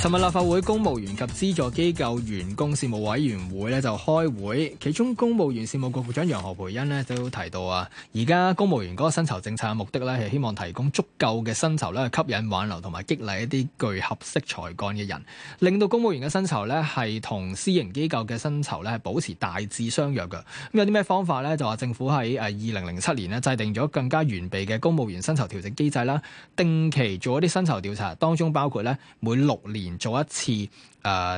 尋日立法會公務員及資助機構員工事務委員會咧就開會，其中公務員事務局局長楊何蓓茵咧都提到啊，而家公務員嗰個薪酬政策嘅目的咧係希望提供足夠嘅薪酬咧吸引、挽留同埋激勵一啲具合適才幹嘅人，令到公務員嘅薪酬咧係同私營機構嘅薪酬咧係保持大致相若嘅。咁有啲咩方法咧？就話政府喺誒二零零七年咧制定咗更加完備嘅公務員薪酬調整機制啦，定期做一啲薪酬調查，當中包括咧每六年。做一次。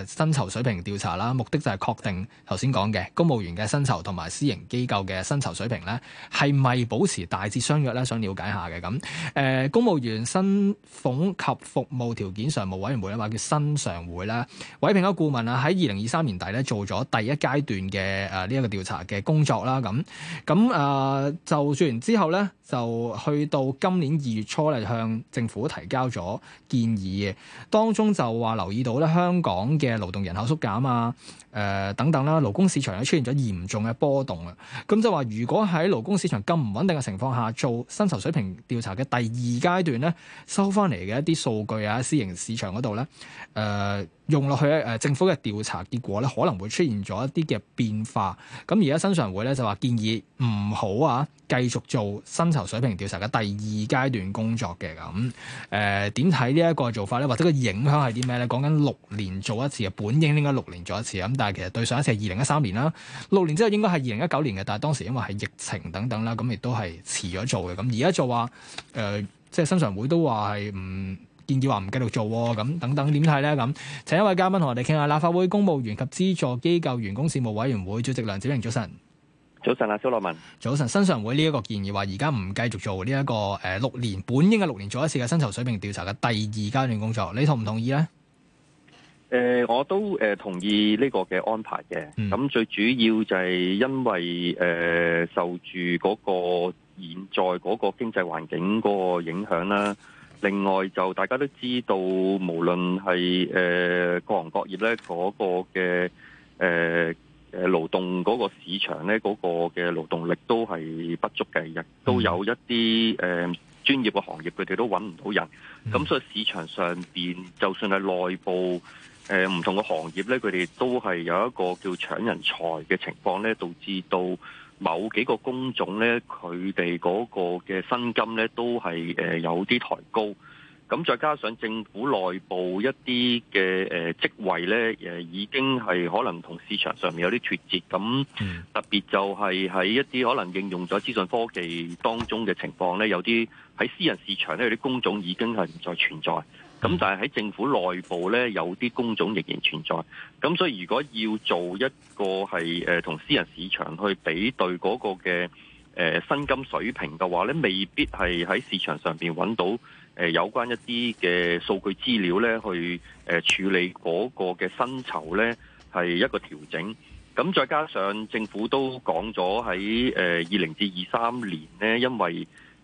誒薪、呃、酬水平調查啦，目的就係確定頭先講嘅公務員嘅薪酬同埋私營機構嘅薪酬水平咧，係咪保持大致相若咧？想了解下嘅咁誒，公務員薪俸及服務條件常務委員會咧，話叫新常會啦。委聘嘅顧問啊，喺二零二三年底咧做咗第一階段嘅誒呢一個調查嘅工作啦，咁咁誒，就做完之後咧，就去到今年二月初咧，向政府提交咗建議嘅，當中就話留意到咧香港，講嘅勞動人口縮減啊，誒、呃、等等啦，勞工市場咧出現咗嚴重嘅波動啊，咁就話如果喺勞工市場咁唔穩定嘅情況下做薪酬水平調查嘅第二階段咧，收翻嚟嘅一啲數據啊，私營市場嗰度咧，誒、呃。用落去咧、呃，政府嘅調查結果咧，可能會出現咗一啲嘅變化。咁而家薪常會咧就話建議唔好啊，繼續做薪酬水平調查嘅第二階段工作嘅咁誒，點睇呢一個做法咧，或者個影響係啲咩咧？講緊六年做一次嘅，本應應該六年做一次咁、嗯、但係其實對上一次係二零一三年啦，六年之後應該係二零一九年嘅，但係當時因為係疫情等等啦，咁、嗯、亦都係遲咗做嘅。咁而家就話誒、呃，即係薪常會都話係唔。嗯建議話唔繼續做咁等等，點睇呢？咁請一位嘉賓同我哋傾下立法會公務員及資助機構員工事務委員會主席梁子穎。早晨，早晨啊，蘇羅文早晨，薪常會，呢一個建議話而家唔繼續做呢、這、一個誒六年本應嘅六年做一次嘅薪酬水平調查嘅第二階段工作，你同唔同意呢？誒、呃，我都誒、呃、同意呢個嘅安排嘅。咁、嗯、最主要就係因為誒、呃、受住嗰個現在嗰個經濟環境嗰個影響啦。另外就大家都知道，無論係誒各行各業咧，嗰個嘅誒誒勞動嗰個市場咧，嗰個嘅勞動力都係不足嘅，亦都有一啲誒專業嘅行業，佢哋都揾唔到人。咁所以市場上邊就算係內部誒唔同嘅行業咧，佢哋都係有一個叫搶人才嘅情況咧，導致到。某幾個工種呢，佢哋嗰個嘅薪金呢，都係誒、呃、有啲抬高，咁再加上政府內部一啲嘅誒職位呢，誒已經係可能同市場上面有啲脫節，咁特別就係喺一啲可能應用咗資訊科技當中嘅情況呢，有啲喺私人市場呢，有啲工種已經係唔再存在。咁但係喺政府內部咧，有啲工種仍然存在。咁、嗯、所以如果要做一個係誒、呃、同私人市場去比對嗰個嘅誒薪金水平嘅話咧，未必係喺市場上邊揾到誒、呃、有關一啲嘅數據資料咧，去誒、呃、處理嗰個嘅薪酬咧係一個調整。咁、嗯、再加上政府都講咗喺誒二零至二三年咧，因為。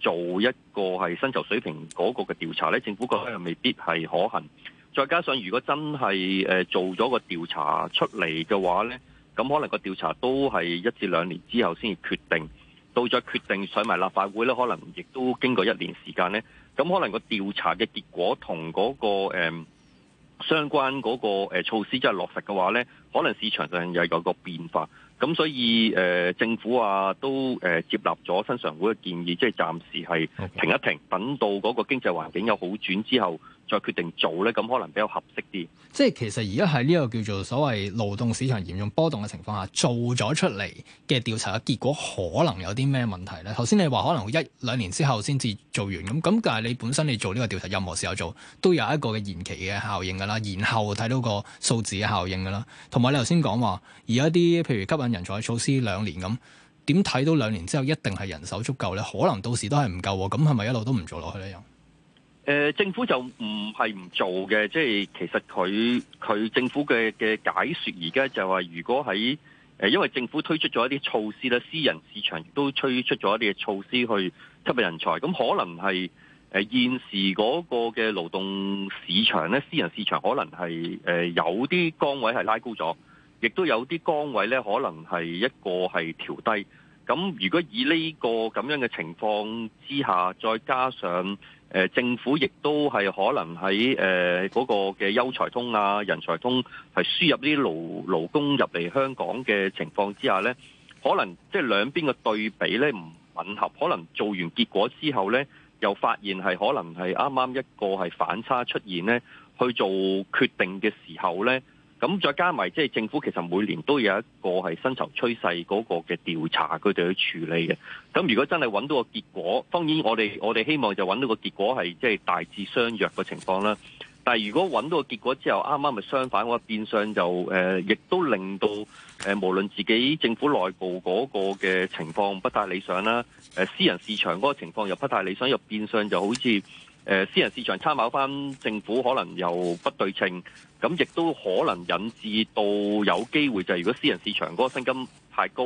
做一個係薪酬水平嗰個嘅調查呢，政府覺得又未必係可行。再加上如果真係誒做咗個調查出嚟嘅話呢，咁可能個調查都係一至兩年之後先至決定。到再決定上埋立法會呢，可能亦都經過一年時間呢，咁可能個調查嘅結果同嗰個誒相關嗰個措施即係落實嘅話呢，可能市場上又有一個變化。咁所以誒、呃、政府啊都誒、呃、接納咗薪常會嘅建議，即係暫時係停一停，等到嗰個經濟環境有好轉之後。再決定做咧，咁可能比較合適啲。即係其實而家喺呢個叫做所謂勞動市場嚴重波動嘅情況下，做咗出嚟嘅調查嘅結果，可能有啲咩問題咧？頭先你話可能一兩年之後先至做完咁，咁但係你本身你做呢個調查，任何時候做都有一個嘅延期嘅效應㗎啦，然後睇到個數字嘅效應㗎啦。同埋你頭先講話，而家啲譬如吸引人才措施兩年咁，點睇到兩年之後一定係人手足夠咧？可能到時都係唔夠喎，咁係咪一路都唔做落去咧？誒、呃、政府就唔係唔做嘅，即係其實佢佢政府嘅嘅解說而家就話如果喺誒、呃，因為政府推出咗一啲措施咧，私人市場亦都推出咗一啲嘅措施去吸引人才，咁可能係誒現時嗰個嘅勞動市場咧，私人市場可能係誒、呃、有啲崗位係拉高咗，亦都有啲崗位咧可能係一個係調低。咁如果以呢個咁樣嘅情況之下，再加上，誒政府亦都係可能喺誒嗰個嘅優才通啊、人才通係輸入啲勞勞工入嚟香港嘅情況之下呢，可能即係兩邊嘅對比呢唔吻合，可能做完結果之後呢，又發現係可能係啱啱一個係反差出現呢，去做決定嘅時候呢。咁再加埋，即、就、係、是、政府其實每年都有一個係薪酬趨勢嗰個嘅調查，佢哋去處理嘅。咁如果真係揾到個結果，當然我哋我哋希望就揾到個結果係即係大致相若嘅情況啦。但係如果揾到個結果之後啱啱咪相反嘅話，那個、變相就誒亦、呃、都令到誒、呃、無論自己政府內部嗰個嘅情況，不太理想啦，誒、呃、私人市場嗰個情況，又不太理想，又變相就好似。誒私人市場參考翻政府，可能又不對稱，咁亦都可能引致到有機會就係，如果私人市場嗰個薪金太高，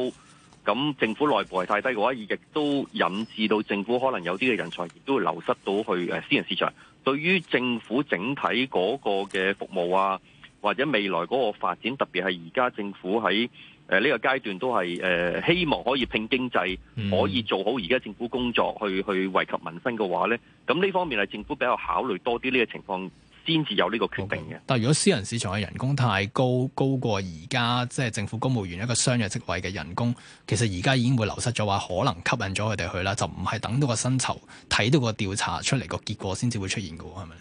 咁政府內部係太低嘅話，亦都引致到政府可能有啲嘅人才亦都會流失到去誒私人市場。對於政府整體嗰個嘅服務啊，或者未來嗰個發展，特別係而家政府喺。誒，呢個階段都係誒、呃，希望可以拼經濟，可以做好而家政府工作去，去去惠及民生嘅話呢，咁呢方面係政府比較考慮多啲呢個情況，先至有呢個決定嘅。Okay. 但係如果私人市場嘅人工太高，高過而家即係政府公務員一個商業職位嘅人工，其實而家已經會流失咗，話可能吸引咗佢哋去啦，就唔係等到個薪酬睇到個調查出嚟個結果先至會出現㗎，係咪？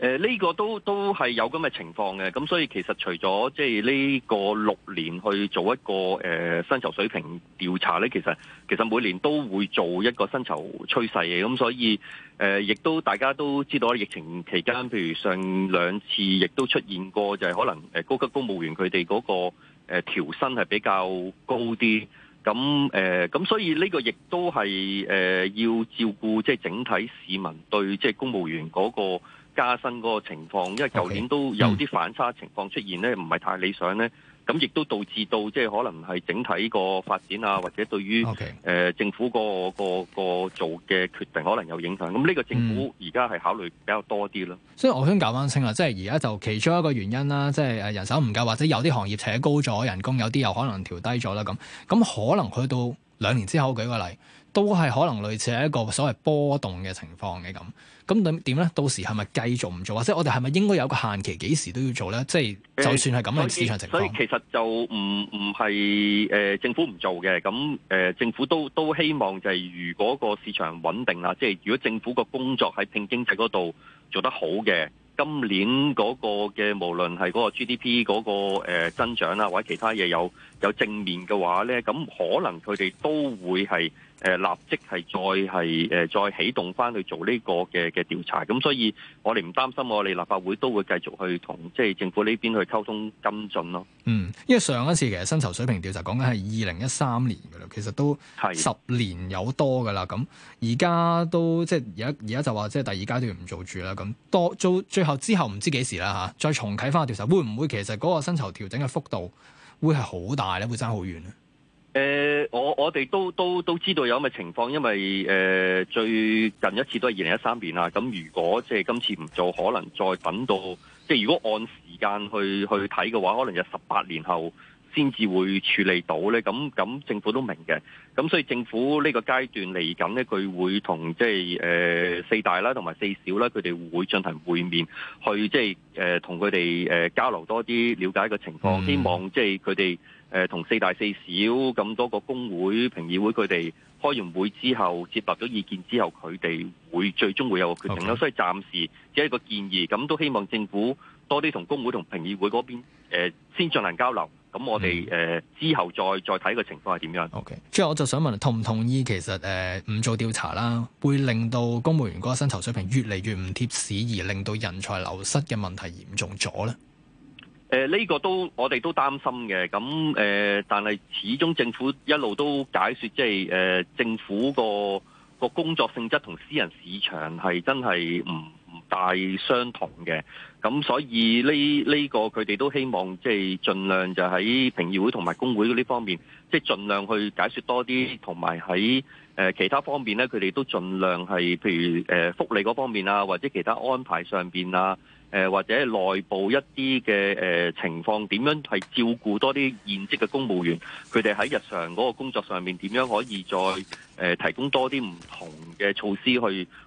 誒呢個都都係有咁嘅情況嘅，咁所以其實除咗即係呢個六年去做一個誒薪酬水平調查呢，其實其實每年都會做一個薪酬趨勢嘅，咁所以誒亦、呃、都大家都知道，疫情期間譬如上兩次亦都出現過，就係可能誒高級公務員佢哋嗰個誒、呃、調薪係比較高啲，咁誒咁所以呢個亦都係誒要照顧即係整體市民對即係公務員嗰、那個。加深嗰個情況，因為舊年都有啲反差情況出現咧，唔係 Okay. 太理想咧，咁亦都導致到即係可能係整體個發展啊，或者對於誒政府個個個做嘅決定可能有影響。咁、這、呢個政府而家係考慮比較多啲咯。嗯、所以我想搞翻清啦，即係而家就其中一個原因啦，即係人手唔夠，或者有啲行業扯高咗人工，有啲又可能調低咗啦。咁咁可能去到兩年之後，舉個例。都係可能類似係一個所謂波動嘅情況嘅咁，咁點點咧？到時係咪繼續唔做，或者我哋係咪應該有個限期，幾時都要做咧？即係就算係咁嘅市場情況、欸所，所以其實就唔唔係誒政府唔做嘅，咁誒、呃、政府都都希望就係如果個市場穩定啦，即係如果政府個工作喺拼經濟嗰度做得好嘅，今年嗰個嘅無論係嗰個 GDP 嗰、嗰個、呃、增長啦，或者其他嘢有有正面嘅話咧，咁可能佢哋都會係。誒立即係再係誒再起動翻去做呢個嘅嘅調查，咁所以我哋唔擔心，我哋立法會都會繼續去同即係政府呢邊去溝通跟進咯。嗯，因為上一次其實薪酬水平調查講緊係二零一三年㗎啦，其實都十年有多㗎啦。咁而家都即係而家而家就話即係第二階段唔做住啦。咁多做最後之後唔知幾時啦吓，再重啟翻個調查，會唔會其實嗰個薪酬調整嘅幅度會係好大咧？會爭好遠咧？誒、呃，我我哋都都都知道有咁嘅情況，因為誒、呃、最近一次都係二零一三年啦。咁如果即係今次唔做，可能再等到即係如果按時間去去睇嘅話，可能就十八年後先至會處理到咧。咁咁政府都明嘅。咁所以政府呢個階段嚟緊咧，佢會同即係誒、呃、四大啦，同埋四小啦，佢哋會進行會面，去即係誒同佢哋誒交流多啲，了解個情況，希望即係佢哋。誒同四大四小咁多個工會評議會，佢哋開完會之後接納咗意見之後，佢哋會最終會有個決定啦。Okay. 所以暫時只係一個建議，咁都希望政府多啲同工會同評議會嗰邊、呃、先進行交流。咁我哋誒、呃、之後再再睇個情況係點樣。O K，即係我就想問，同唔同意其實誒唔、呃、做調查啦，會令到公務員嗰個薪酬水平越嚟越唔貼市，而令到人才流失嘅問題嚴重咗咧？誒呢個都我哋都擔心嘅，咁誒，但係始終政府一路都解說，即係誒政府個個工作性質同私人市場係真係唔唔大相同嘅，咁所以呢呢個佢哋都希望即係盡量就喺評議會同埋工會嗰啲方面，即係盡量去解說多啲，同埋喺誒其他方面咧，佢哋都盡量係譬如誒福利嗰方面啊，或者其他安排上面啊。誒或者內部一啲嘅誒情況點樣係照顧多啲現職嘅公務員，佢哋喺日常嗰個工作上面點樣可以再誒提供多啲唔同嘅措施去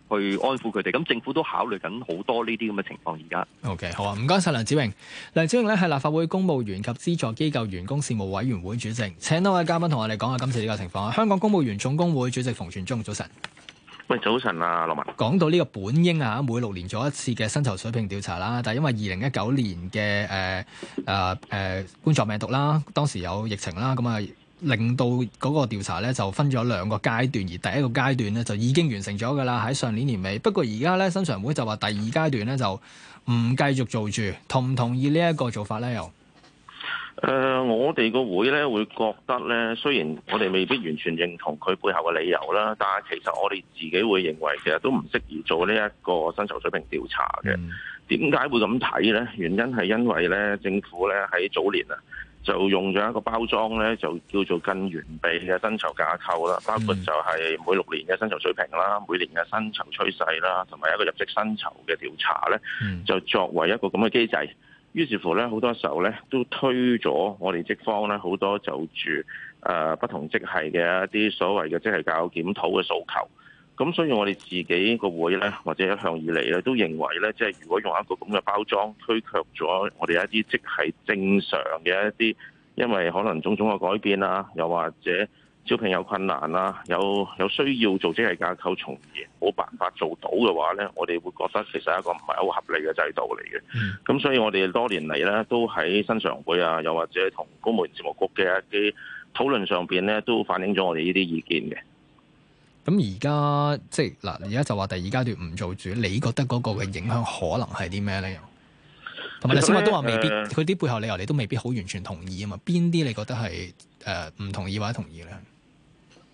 去安撫佢哋？咁政府都考慮緊好多呢啲咁嘅情況。而家 OK 好啊，唔該晒。梁子穎，梁子穎咧係立法會公務員及資助機構員工事務委員會主席。請多位嘉賓同我哋講下今次呢個情況啊！香港公務員總工會主席馮傳宗，早晨。喂，早晨啊，羅文。講到呢個本應啊，每六年做一次嘅薪酬水平調查啦，但係因為二零一九年嘅誒誒誒冠狀病毒啦，當時有疫情啦，咁啊令到嗰個調查咧就分咗兩個階段，而第一個階段咧就已經完成咗㗎啦，喺上年年尾。不過而家咧，薪常會就話第二階段咧就唔繼續做住，同唔同意呢一個做法咧？又？誒、呃，我哋個會咧會覺得咧，雖然我哋未必完全認同佢背後嘅理由啦，但係其實我哋自己會認為，其實都唔適宜做呢一個薪酬水平調查嘅。點解、嗯、會咁睇咧？原因係因為咧，政府咧喺早年啊，就用咗一個包裝咧，就叫做更完備嘅薪酬架構啦，包括就係每六年嘅薪酬水平啦，每年嘅薪酬趨勢啦，同埋一個入職薪酬嘅調查咧，嗯、就作為一個咁嘅機制。於是乎咧，好多時候咧都推咗我哋職方咧，好多就住誒不同職系嘅一啲所謂嘅職系教檢討嘅訴求。咁所以我哋自己個會咧，或者一向以嚟咧都認為咧，即係如果用一個咁嘅包裝推卻咗我哋一啲職系正常嘅一啲，因為可能種種嘅改變啊，又或者。招聘有困難啦，有有需要做職系架構，從而冇辦法做到嘅話咧，我哋會覺得其實係一個唔係好合理嘅制度嚟嘅。咁、嗯、所以我哋多年嚟咧，都喺新常會啊，又或者同公務員事務局嘅一啲討論上邊咧，都反映咗我哋呢啲意見嘅。咁而家即係嗱，而家就話第二階段唔做住，你覺得嗰個嘅影響可能係啲咩咧？同埋你先話都話未必，佢啲、呃、背後理由你都未必好完全同意啊嘛。邊啲你覺得係誒唔同意或者同意咧？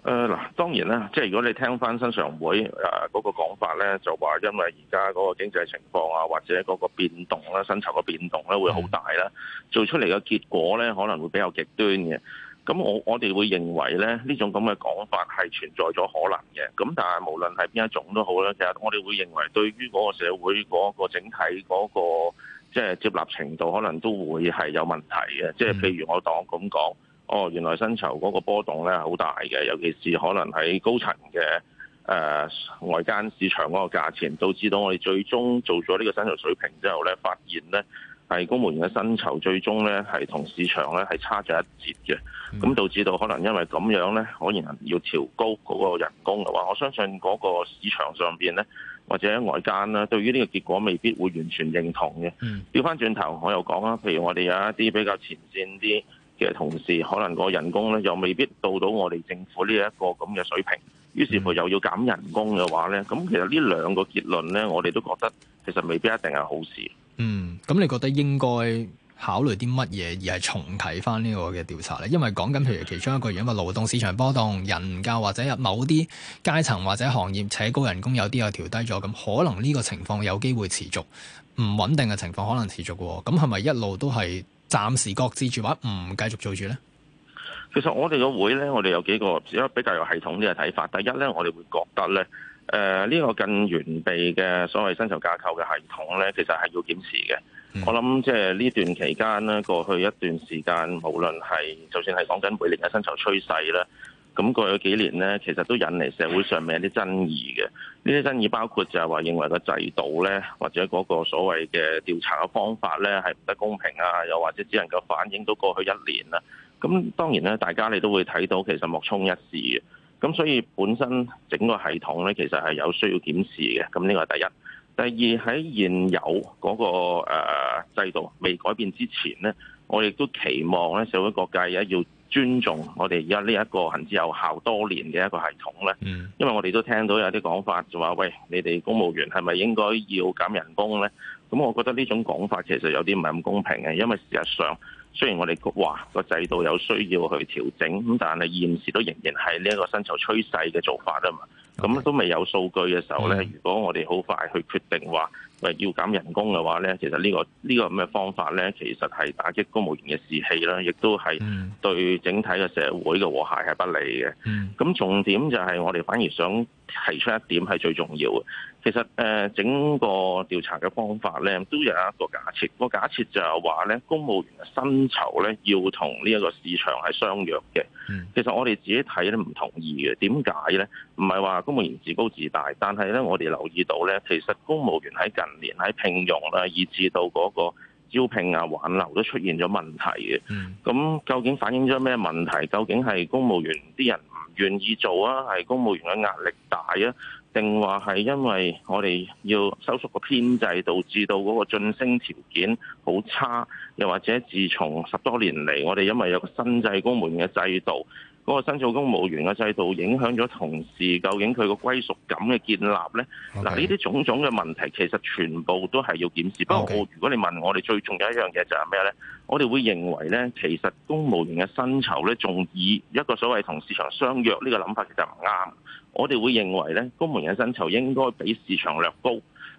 誒嗱、呃，當然啦，即係如果你聽翻薪常會誒嗰、呃嗰個講法咧，就話因為而家嗰個經濟情況啊，或者嗰個變動咧，薪酬嘅變動咧會好大啦，嗯、做出嚟嘅結果咧可能會比較極端嘅。咁我我哋會認為咧，呢種咁嘅講法係存在咗可能嘅。咁但係無論係邊一種都好啦，其實我哋會認為對於嗰個社會嗰個整體嗰、嗰個即係接納程度，可能都會係有問題嘅。即係譬如我當咁講。哦，原來薪酬嗰個波動咧好大嘅，尤其是可能喺高層嘅誒外間市場嗰個價錢，導致到我哋最終做咗呢個薪酬水平之後咧，發現咧係公務員嘅薪酬最終咧係同市場咧係差咗一截嘅，咁、嗯、導致到可能因為咁樣咧，可能要調高嗰個人工嘅話，我相信嗰個市場上面咧或者外間啦，對於呢個結果未必會完全認同嘅。調返轉頭，我又講啦，譬如我哋有一啲比較前線啲嘅同時，可能個人工咧又未必到到我哋政府呢一個咁嘅水平，於是乎又要減人工嘅話咧，咁其實呢兩個結論咧，我哋都覺得其實未必一定係好事。嗯，咁你覺得應該考慮啲乜嘢而係重啟翻呢個嘅調查咧？因為講緊，譬如其中一個原因，勞動市場波動，人價或者某啲階層或者行業，且高人工有，有啲又調低咗，咁可能呢個情況有機會持續唔穩定嘅情況可能持續。咁係咪一路都係。暫時擱置住，或唔繼續做住咧。其實我哋個會咧，我哋有幾個比較有系統啲嘅睇法。第一咧，我哋會覺得咧，誒、呃、呢、這個更完備嘅所謂薪酬架構嘅系統咧，其實係要檢視嘅。嗯、我諗即係呢段期間咧，過去一段時間，無論係就算係講緊每年嘅薪酬趨勢咧。咁過去幾年呢，其實都引嚟社會上面一啲爭議嘅。呢啲爭議包括就係話認為個制度呢，或者嗰個所謂嘅調查嘅方法呢，係唔得公平啊，又或者只能夠反映到過去一年啦。咁當然呢，大家你都會睇到其實莫衷一是嘅。咁所以本身整個系統呢，其實係有需要檢視嘅。咁呢個係第一。第二，喺現有嗰個、呃、制度未改變之前呢，我亦都期望呢社會各界而家要，尊重我哋而家呢一個行之有效多年嘅一個系統咧，mm. 因為我哋都聽到有啲講法就話：喂，你哋公務員係咪應該要減人工咧？咁我覺得呢種講法其實有啲唔係咁公平嘅，因為事實上雖然我哋話個制度有需要去調整，咁但係現時都仍然係呢一個薪酬趨勢嘅做法啊嘛。咁 Okay. 都未有數據嘅時候咧，mm. 如果我哋好快去決定話要減人工嘅話呢，其實呢、呢個呢、呢個咁嘅方法呢，其實係打擊公務員嘅士氣啦，亦都係對整體嘅社會嘅和諧係不利嘅。咁、mm. 重點就係我哋反而想提出一點係最重要嘅。其實誒整個調查嘅方法咧，都有一個假設。個假設就係話咧，公務員嘅薪酬咧，要同呢一個市場係相約嘅。其實我哋自己睇咧唔同意嘅。點解咧？唔係話公務員自高自大，但係咧我哋留意到咧，其實公務員喺近年喺聘用啦，以至到嗰個招聘啊、挽留都出現咗問題嘅。咁、嗯、究竟反映咗咩問題？究竟係公務員啲人唔願意做啊？係公務員嘅壓力大啊？定話係因為我哋要收縮個編制，導致到嗰個晉升條件好差，又或者自從十多年嚟，我哋因為有個新制公務員嘅制度，嗰個新造公務員嘅制度影響咗同事，究竟佢個歸屬感嘅建立咧？嗱，呢啲種種嘅問題，其實全部都係要檢視。Okay. 不過我如果你問我，我哋最重要一樣嘢就係咩呢？我哋會認為呢，其實公務員嘅薪酬呢，仲以一個所謂同市場相約呢個諗法，其實唔啱。我哋會認為咧，公務員嘅薪酬應該比市場略高，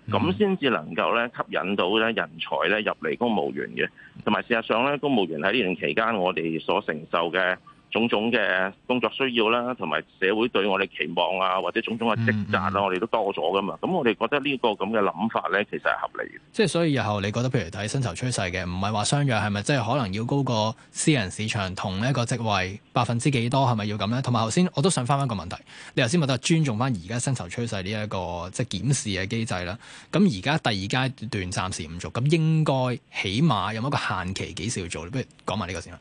咁先至能夠咧，吸引到咧人才咧入嚟公務員嘅。同埋事實上咧，公務員喺呢段期間，我哋所承受嘅。種種嘅工作需要啦，同埋社會對我哋期望啊，或者種種嘅職責啊，嗯嗯我哋都多咗㗎嘛。咁我哋覺得這個這呢個咁嘅諗法咧，其實係合理嘅。即係所以日後你覺得譬如睇薪酬趨勢嘅，唔係話相若，係咪即係可能要高過私人市場同一個職位百分之幾多，係咪要咁咧？同埋頭先我都想翻翻一個問題，你頭先問到尊重翻而家薪酬趨勢呢一個即係檢視嘅機制啦。咁而家第二階段暫時唔做，咁應該起碼有冇一個限期幾時要做？不如講埋呢個先啦。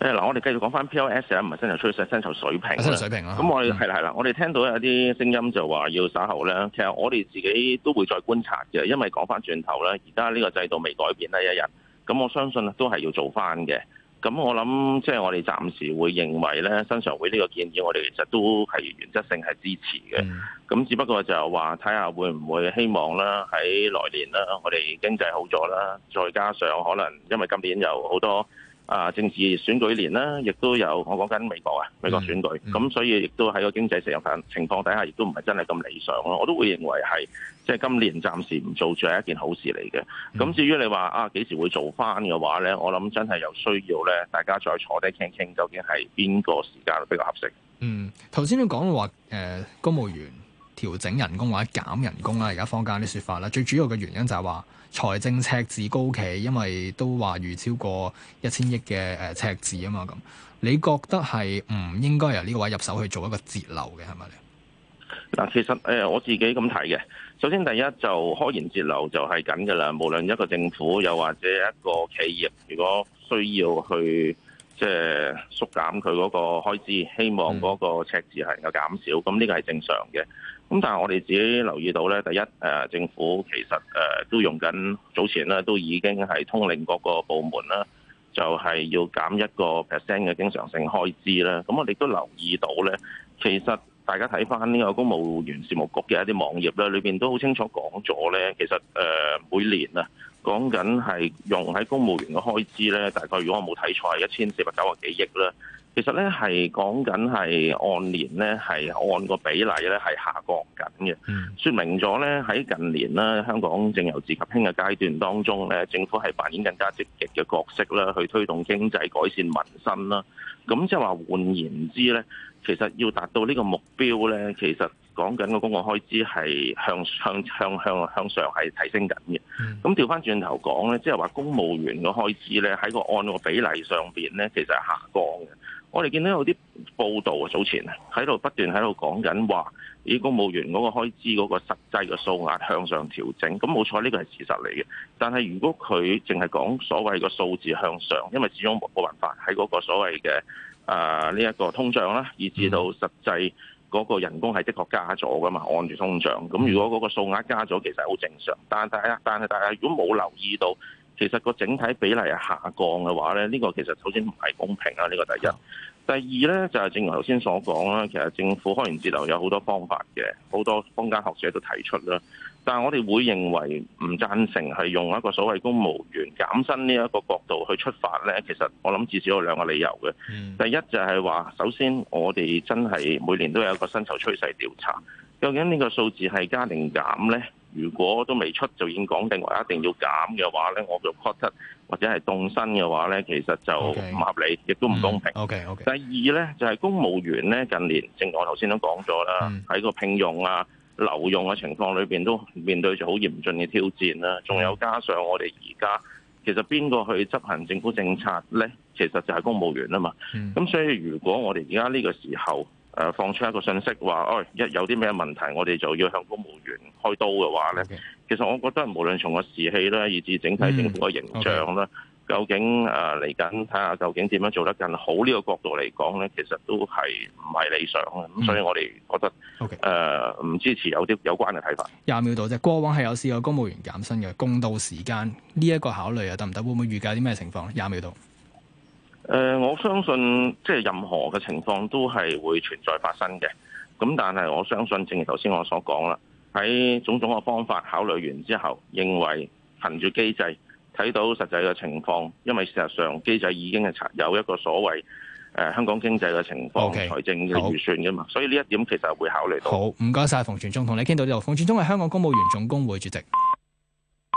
誒嗱， 我哋繼續講翻 PLS 唔係薪酬趨勢，薪酬水平薪 水平啦。咁、嗯、我係啦，係啦，我哋聽到有啲聲音就話要稍後咧。其實我哋自己都會再觀察嘅，因為講翻轉頭咧，而家呢個制度未改變咧一日。咁我相信都係要做翻嘅。咁我諗即係我哋暫時會認為咧，薪常會呢個建議，我哋其實都係原則性係支持嘅。咁、嗯、只不過就係話睇下會唔會希望啦，喺來年啦，我哋經濟好咗啦，再加上可能因為今年有好多。啊！政治選舉年咧，亦都有我講緊美國啊，美國選舉咁，嗯嗯、所以亦都喺個經濟成日情況底下，亦都唔係真係咁理想咯。我都會認為係即係今年暫時唔做住係一件好事嚟嘅。咁至於你話啊幾時會做翻嘅話咧，我諗真係有需要咧，大家再坐低傾傾，究竟係邊個時間比較合適？嗯，頭先你講話誒、呃、公務員調整人工或者減人工啦，而家坊間啲説法啦，最主要嘅原因就係話。財政赤字高企，因為都話預超過一千億嘅誒赤字啊嘛，咁你覺得係唔、嗯、應該由呢個位入手去做一個節流嘅係咪咧？嗱，其實誒、呃、我自己咁睇嘅，首先第一就開源節流就係緊㗎啦，無論一個政府又或者一個企業，如果需要去。即係縮減佢嗰個開支，希望嗰個赤字係能夠減少，咁呢個係正常嘅。咁但係我哋自己留意到呢，第一誒政府其實誒都用緊早前呢都已經係通令各個部門啦，就係、是、要減一個 percent 嘅經常性開支啦。咁我哋都留意到呢，其實大家睇返呢個公務員事務局嘅一啲網頁呢，裏邊都好清楚講咗呢，其實誒每年啊。講緊係用喺公務員嘅開支咧，大概如果我冇睇錯，係一千四百九十幾億啦。其實咧係講緊係按年咧係按個比例咧係下降緊嘅，說明咗咧喺近年啦，香港正由治及興嘅階段當中咧，政府係扮演更加積極嘅角色啦，去推動經濟改善民生啦。咁即係話換言之咧，其實要達到呢個目標咧，其實。講緊個公共開支係向向向向向上係提升緊嘅，咁調翻轉頭講咧，即係話公務員，開呢個，呢公務員個開支咧喺個按個比例上邊咧，其實係下降嘅。我哋見到有啲報道啊早前喺度不斷喺度講緊話，咦，公務員嗰個開支嗰個實際嘅數額向上調整。咁冇錯，呢個係事實嚟嘅。但係如果佢淨係講所謂個數字向上，因為始終冇辦法喺嗰個所謂嘅啊呢一個通脹啦，以至到實際。嗰個人工係的確加咗噶嘛，按住通脹，咁如果嗰個數額加咗，其實好正常。但係但係但係，大家如果冇留意到，其實個整體比例下降嘅話咧，呢、這個其實首先唔係公平啦。呢、這個第一，第二呢，就係、是、正如頭先所講啦，其實政府開源節流有好多方法嘅，好多坊間學者都提出啦。但係，我哋會認為唔贊成係用一個所謂公務員減薪呢一個角度去出發呢，其實我諗至少有兩個理由嘅。嗯、第一就係話，首先我哋真係每年都有一個薪酬趨勢調查，究竟呢個數字係加定減呢？如果都未出就已經講定話一定要減嘅話呢，我就 cut 或者係凍薪嘅話呢，其實就唔合理，亦 Okay, 都唔公平。OK, okay, okay. 第二呢，就係、是、公務員呢，近年，正如我頭先都講咗啦，喺、嗯、個聘用啊。留用嘅情況裏邊都面對住好嚴峻嘅挑戰啦，仲有加上我哋而家其實邊個去執行政府政策呢？其實就係公務員啊嘛。咁所以如果我哋而家呢個時候誒、呃、放出一個訊息話，哦、哎、一有啲咩問題，我哋就要向公務員開刀嘅話呢，Okay. 其實我覺得無論從個士氣啦，以至整體政府嘅形象啦。Okay. Okay. 究竟誒嚟緊睇下看看究竟點樣做得更好，呢個角度嚟講呢，其實都係唔係理想。咁，嗯、所以我哋覺得誒唔 Okay.、呃、支持有啲有關嘅睇法。廿秒度，即過往係有試過公務員減薪嘅，公道時間呢一、這個考慮啊，得唔得？會唔會預計啲咩情況？廿秒度。誒、呃，我相信即係任何嘅情況都係會存在發生嘅。咁但係我相信，正如頭先我所講啦，喺種種嘅方法考慮完之後，認為憑住機制。睇到實際嘅情況，因為事實上機制已經係有一個所謂誒、呃、香港經濟嘅情況、Okay. 財政嘅預算嘅嘛，好所以呢一點其實會考慮到。好，唔該晒，馮傳宗同你傾到呢度。馮傳宗係香港公務員總工會主席。